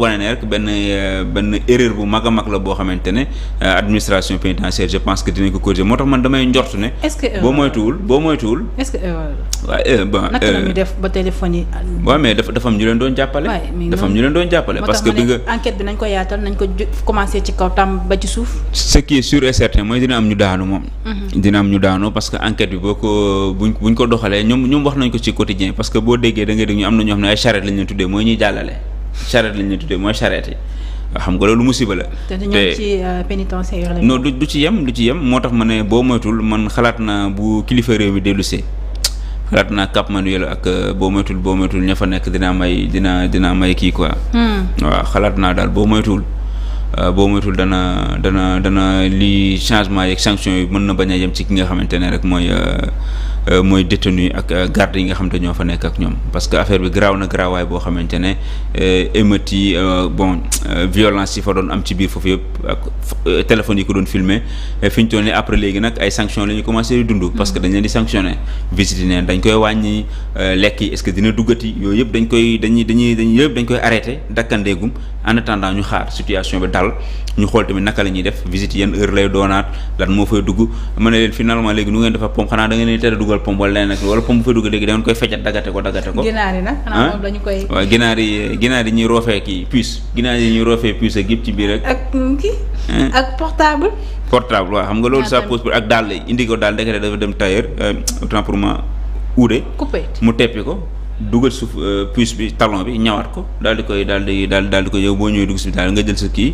wane ne rek benn euh, benn erreur bu mag a mag la boo xamante ne euh, administration pénitentiaire je pense que dinañ ko corriger moo tax man damay njort ne. est-ce que boo moytuwul boo moytuwul. est-ce que erreur la. waaw euh, bon naka la ñu def ba téléphone ko yaatal nañ ko commencer ci kaw tam ba ci suuf. mooy dina am ñu daanu moom. Mhm. dina am ñu daanu parce que enquête bi boo ko buñ buñ ko doxalee ñoom ñoom wax nañ ko ci quotidien parce que boo déggee da dégg ñu am na ñoo xam ne ay charrette lañ leen tuddee mooy ñuy jàllale charrette lañ ñu tuddee mooy charrette yi xam nga loolu musiba la. te ci euh, pénitentiaire la. non du du ci yem lu ci yem moo tax ma ne boo moytul man xalaat naa bu kilifa réew mi dellusee xalaat naa Cap Manuel ak euh, boo moytul boo moytul ña fa nekk dina may dina dina may kii quoi. Hmm. waaw xalaat naa daal boo moytul. Euh, boo moytul dana dana dana lii changement yeeg sanction yi mën na bañ a yem ci ki nga xamante ne rek mooy euh, euh, mooy détenu ak garde yi nga xamante ñoo fa nekk ak ñoom parce que affaire bi garaaw na garaawaay boo xamante ne émeutes yi bon violence yi fa doon am ci biir foofu yëpp ak téléphone yi ko doon filmer fi ñu toll nii après léegi nag ay sanctions la ñu commencé di dund. parce que dañ leen di sanctionné visite yi neen dañ koy wàññi lekk yi est que dina duggati yooyu yëpp dañ koy dañuy dañuy dañuy yëpp dañ koy arrêté dakkandeegum en attendant ñu xaar situation hôpital ñu xool tamit naka la ñuy def visite yenn heure lay doonaat lan moo fay dugg ma ne leen finalement léegi nu ngeen defa pom xanaa da ngeen tere dugal pom wala leneen nag wala da ngeen koy feccat dagate ko ginaar yi ginaar yi ñuy roofee kii puce ginaar yi ñuy roofee puce ak yëpp ci biir rek ak kii ak portable xam nga loolu ça pose ak daal indi ko daal ndekete dafa dem tailleur euh, autant pour uude mu teppi ko dugal suuf euh, puce bi talon bi ñawaat ko daal di koy daal di daal daal di ko yow boo ñëwee dugg si daal nga jël sa kii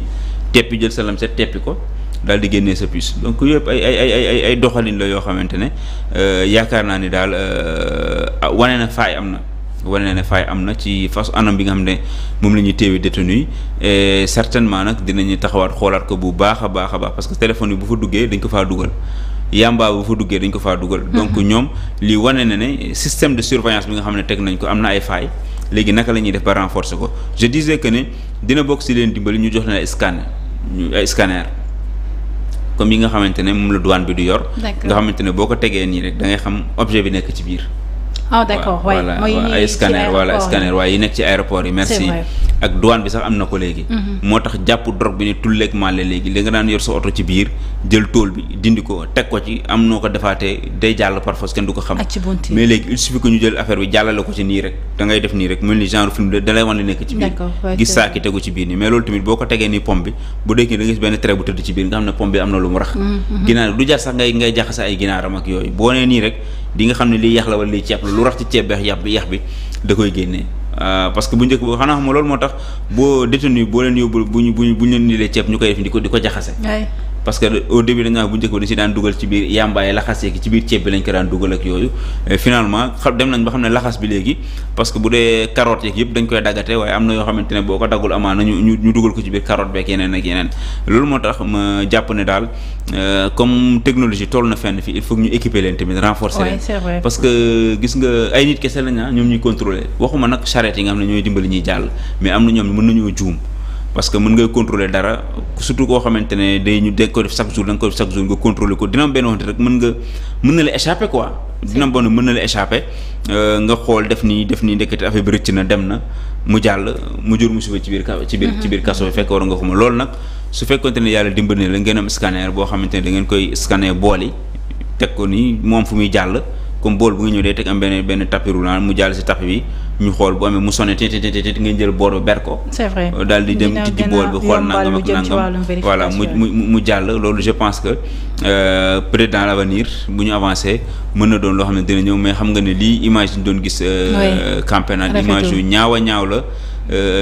teppi jël sa lamset teppi ko daal di génnee sa puce donc yëpp ay ay ay ay doxalin la yoo xamante ne euh, yaakaar naa ni daal euh, ah, wane na faay am na wane na faay am na ci façon anam bi nga xam ne moom la ñuy téewe détenu yi et certainement nag dinañu taxawaat xoolaat ko bu baax a baax a baax parce que téléphone yi bu fa duggee dañ ko faa dugal. yamba bu fa duggee dañ ko faa dugal mhm. donc ñoom lii wane na ne système de surveillance bi nga xam ne teg nañ ko am na ay failles léegi naka lañuy ñuy def ba renforcer ko je disais que ne dina bokk si leen dimbali ñu jox leen ay scanner ñu ay scanner comme yi nga xamante ne moom la douane bi du yor nga xamante ne boo ko tegee nii rek dangay xam objet bi nekk ci biir ah d'accord waay mooy ay scanner waaye yi nekk ci aéroport yi merci ak douane bi sax am na ko léegi mhm. moo tax jàpp drogue bi ne tulleeg màlle léegi li nga daan yor sa oto ci biir jël tool bi dindi ko teg ko ci am noo ko defaatee day jàll parfois kenn du ko xam mais léegi il suffit que ñu jël affaire bi jàllale ko ci nii rek da def nii rek mel ni genre film da lay wan nekk ci biir gis saaki tegu ci biir nii mais loolu tamit boo ko tegee nii pompe bi bu dee mhm, mhm. kii di nga xam ne lii yax la wala lii ceeb lu rax ci ceeb beex yax bi yax bi da koy génnee euh, parce que bu njëkk boo xanaa xam loolu moo tax boo détenu boo leen yóbbul bu ñu bu ñu leen nilee ceeb ñu koy def di ko di ko jaxase parce que au début dañu naan bu njëkk ba dañu si daan dugal ci biir yàmbaay laxas yeeg ci biir ceeb bi lañ ko daan dugal ak yooyu finalement xam dem nañ ba xam ne laxas bi léegi parce que bu dee carotte yeeg yëpp dañ koy daggate waaye am na yoo xamante ne boo ko daggul amaa na ñu ñu dugal ko ci biir carotte beeg yeneen ak moo tax ma jàpp ne daal euh, comme technologie toll na fenn fii il faut ñu équiper leen tamit renforcer leen parce que gis nga ay nit kese lañ ah, ñoom ñuy contrôler waxuma nag charrette yi nga xam ne ñooy dimbali ñuy jàll mais am na mën nañoo juum parce que mën ngay contrôler dara surtout koo xamante ne day ñu dégg ko def chaque jour da nga ko def chaque jour nga contrôler ko dina am benn waxante rek mën nga mën na la échapper quoi. dina am bon mën na la euh, nga xool def nii def nii ndekete affaire bi rëcc na dem na mu jàll mu jur musiba ci biir ci biir ci biir kaso bi mhm. fekk war nga ko loolu nag su fekkonte ne yàlla dimbali la ngeen am scanner boo xamante ne da ngeen koy scanner bool teg ko nii moom fu muy jàll. comme bool bu nga ñëw day teg am benn benn tapis mu jàll si tapis bi ñu xool bu amee mu sonné te te te ngeen jël boor ba ber ko. c'est vrai euh, di dem tijji bool bi xool nangam ak mu jàll loolu je pense que euh, peut-être dans l'avenir bu ñu avancé mën na doon loo xam ne dina ñëw mais xam nga ne lii image yi ñu doon gis. Euh, campagnat image yu ñaaw ñaaw la.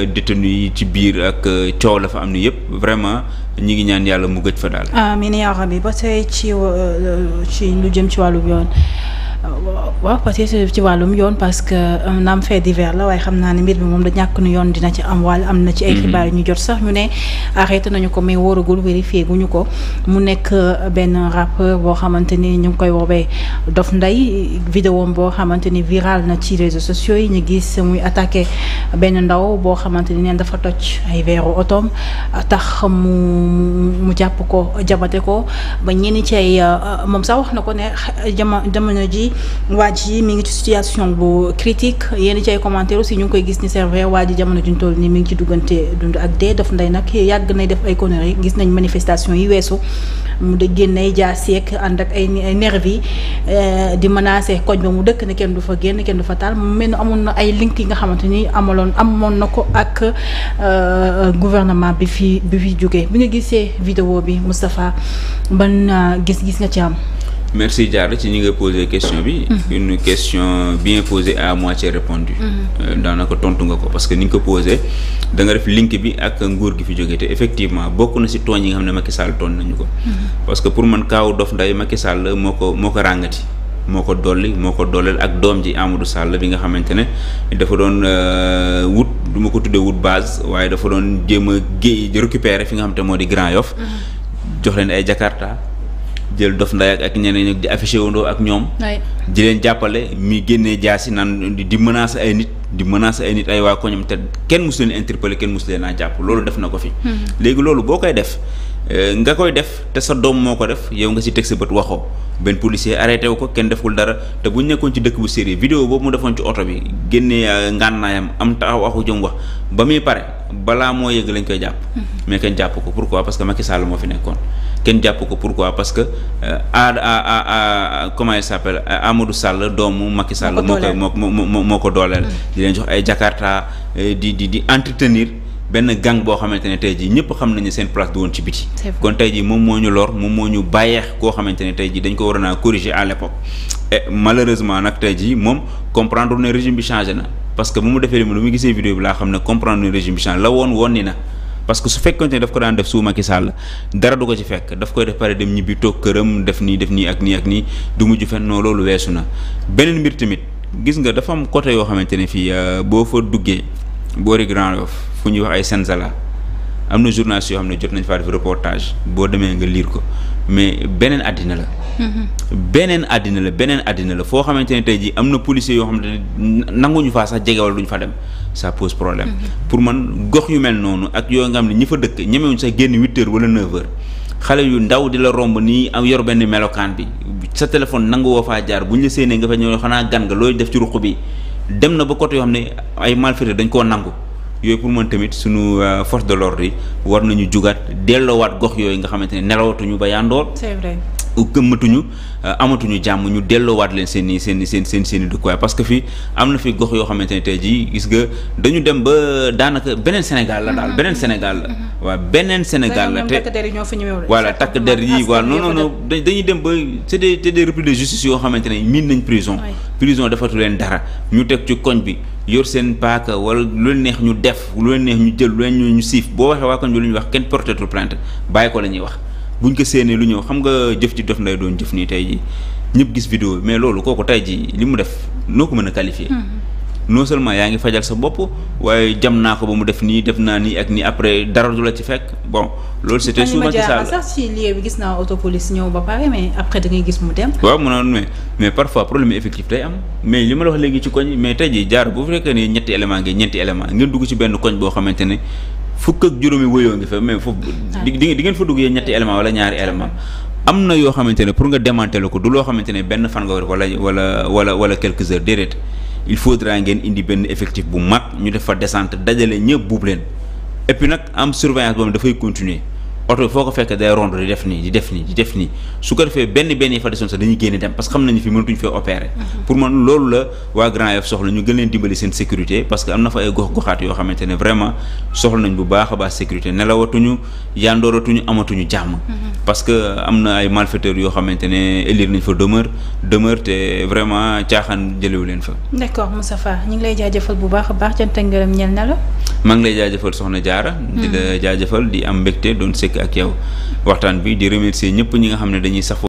détenu yi ci biir ak coow la am ni yëpp vraiment ñi ngi ñaan yàlla mu gëj fa daal. amiin yaa ci ci lu waaw parce que ci wàllum yoon parce que euh, naam fait divers la waaye xam naa ne mbir bi moom da ñàkk nu yoon dina ci am wàll am na ci ay mhm. xibaar yu ñu jot sax ñu ne arrêté nañu ko mais wóoragul vérifié guñu ko mu nekk euh, benn rappeur boo xamante ni ñu ngi koy woowee Dof Ndeye vidéo boo xamante ni viral na ci réseaux sociaux yi ñu gis muy attaque benn ndaw boo xamante ni neen dafa toj ay veeru otoom tax mu mu jàpp ko jabate ko ba ñenn ci ay euh, moom sax wax na ko ne jamono ji waa ji mi ngi ci situation bu critique yéen ci ay commentaire aussi ñu ngi koy gis ni c'est vrai waa ji jamono juñ toll nii mi ngi ci duggante dund ak dee daf ndey nag yàgg nay def ay conneries gis nañ manifestation yi weesu mu de génnay jaasi ak ànd ak ay nervi eh, di menacer koñ ba mu dëkk ne kenn du fa génn kenn du fa taal mu mel amoon na ay link yi nga xamante ni amaloon amoon na ko ak eh, gouvernement bi fi bi fi jógee bi nga gisee vidéo bi Moustapha ban ah, gis-gis nga ci am merci Diarra ci ñi nga posé question bi. Mm-hmm. une question bien posée à moitié répondue. Mm-hmm. Euh, daanaka tontu nga ko parce que ni nga ko posé danga nga def link bi ak nguur gi fi jógee te effectivement bokk na si tooñ yi nga xam ne Macky Sall tooñ nañu ko. Mm-hmm. parce que pour man kaaw dof nday Macky Sall moo ko moo ko ràngati. moo ko dolli moo ko dooleel ak doom ji Amadou Sall bi nga xamante ne dafa doon euh, wut du ma ko tuddee wut base waaye dafa doon jéem a géej récupérer fi nga xamante moo di Grand Yoff jox leen ay Jakarta. jël dof nday ak ñeneen di affiché wandoo ak di leen jàppale mi génnee jaasi naan di menace ay nit di menace ay nit ay waa a jàpp loolu def na ko fi hmm. léegi loolu boo koy def euh, nga koy def te sa doom moo ko def yow nga si teg sa bët waxoo benn policier arrêté wu ko kenn deful dara te bu ñu nekkoon ci dëkk bu sérieux vidéo boobu mu defoon ci oto bi génnee euh, ngànnaayam am taxaw waxu jëm wax ba muy pare balaa moo yëg lañ koy jàpp hmm. mais kenn jàpp ko pourquoi parce que Macky Sall moo fi nekkoon kenn jàpp ko pourquoi parce que a a a comment il s'appelle Amadou Sall doomu Macky Sall moo ko moo moo ko dooleel mm. di leen jox ay Jakarta euh, di di di entretenir benn gang boo xamante ne tey jii ñëpp xam nañu seen place du woon ci biti kon tey jii moom moo ñu lor moom moo ñu bàyyeex koo xamante ne tey jii dañ ko waroon a corriger à l'époque et malheureusement nag tey jii moom comprendre ne régime bi changé na parce que bu mu defee li mu gisee vidéo bi laa xam ne comprendre ne régime bi changé la woon woon ni na parce que su fekkoonte ne daf ko daan def suu Macky Sall dara du ko ci fekk daf koy def pare dem ñibbi toog këram def nii def nii ak nii ak nii du mujj fen noo loolu weesu na beneen mbir tamit gis nga dafa am côté yoo xamante ne fii euh, boo fa duggee boo Grand Yoff fu ñuy wax ay Senzala am na journaliste yoo xam ne jot nañ faa def reportage boo demee nga liir ko mais beneen àddina la. beneen àddina la beneen àddina la foo xamante ne tey jii am na policier yoo xam ne nanguñu faa sax jege wala fa dem ça problème. pour man gox yu mel noonu ak yoo xam ne ñi fa dëkk ñemewuñ sax génn huit heures wala neuf xale yu ndaw di la romb nii am yor benn melokaan bi sa téléphone nangu woo faa jaar bu ñu la séenee nga fa ñëw xanaa gan nga looy def ci ruq bi dem na ba côté yoo xam ne ay malfaiteurs dañ koo nangu. yooyu pour man tamit suñu euh, force de l'ordre yi war nañu jugaat delloowaat gox yooyu nga xamante ne nelawatuñu ba yandoor c'est vrai gëmmatuñu euh, amatuñu jàmm ñu delloowaat leen seen i seen i seen seen seen i parce que fii am na fi gox yoo xamante ne tey jii gis nga dañu dem ba daanaka beneen Sénégal la daal mm-hmm. beneen Sénégal la mm-hmm. waaw beneen Sénégal la te voilà takk der yi waaw non non non dañuy dem ba c'est des c'est des repris justice yoo xamante ne miin nañ prison prison defatu leen dara ñu teg ci koñ bi yor seen paaka wala lu leen neex ñu def lu leen neex ñu jël lu leen ñu siif boo waxee waa koñ bi lu ñuy wax kenn portetul plainte bàyyi ko la ñuy wax buñ ko séenee lu ñëw xam nga jëf ci dof nday doon jëf nii tey ji ñëpp gis vidéo mais loolu kooku tey ji li mu def noo ko mën a qualifier mm-hmm. non seulement yaa ngi fajal sa bopp waaye jam naa ko ba mu def nii def naa nii ak nii après dara du la ci fekk bon. loolu c'était sous Macky Sall sax ci gis naa autopolice ñëw ba pare mais après da gis mu dem. waaw mu ne mais mais parfois problème effectif day am mais li ma la léegi ci koñ mais tey jii jaar bu fekkee ne ñetti élément ngeen dugg ci benn koñ boo xamante ne. fukk ak juróomi wëyoo ngi fa mais foofu ah. di di ngeen fa dugg yéen ñetti élément wala ñaari élément am na yoo xamante ne pour nga démanteler ko du loo xamante ne benn fan wala wala wala wala quelques il faudra ngeen indi benn effectif bu mag ñu def fa descente dajale ñëpp buub leen et puis nag am surveillance boobu dafay continuer oto foo ko fekk day rond di def nii di def nii di def nii su ko defee benn benn yi fa desoon sax dañuy génne dem parce que xam nañu fi mënatuñu fee opérer. Mhm. pour ma loolu la waa Grand Yoff soxla ñu gën leen dimbali seen sécurité parce que am na fa ay gox goxaat yoo xamante ne vraiment soxla nañ bu baax a baax sécurité nelawatuñu yandooratuñu amatuñu jàmm. Mhm. parce que am na ay malfaiteurs yoo xamante ne élire nañ fa demeure demeure te vraiment caaxaan jëlewu leen fa. d' accord Moustapha ñu ngi lay jaajëfal bu baax a baax cant ak ngërëm ñeel na la. maa ngi lay jaajëfal soxna Diarra. di la hmm. jaajëfal di am mbégte doon sekk ak yow waxtaan bi di remercier ñëpp ñi nga xam ne dañuy safoo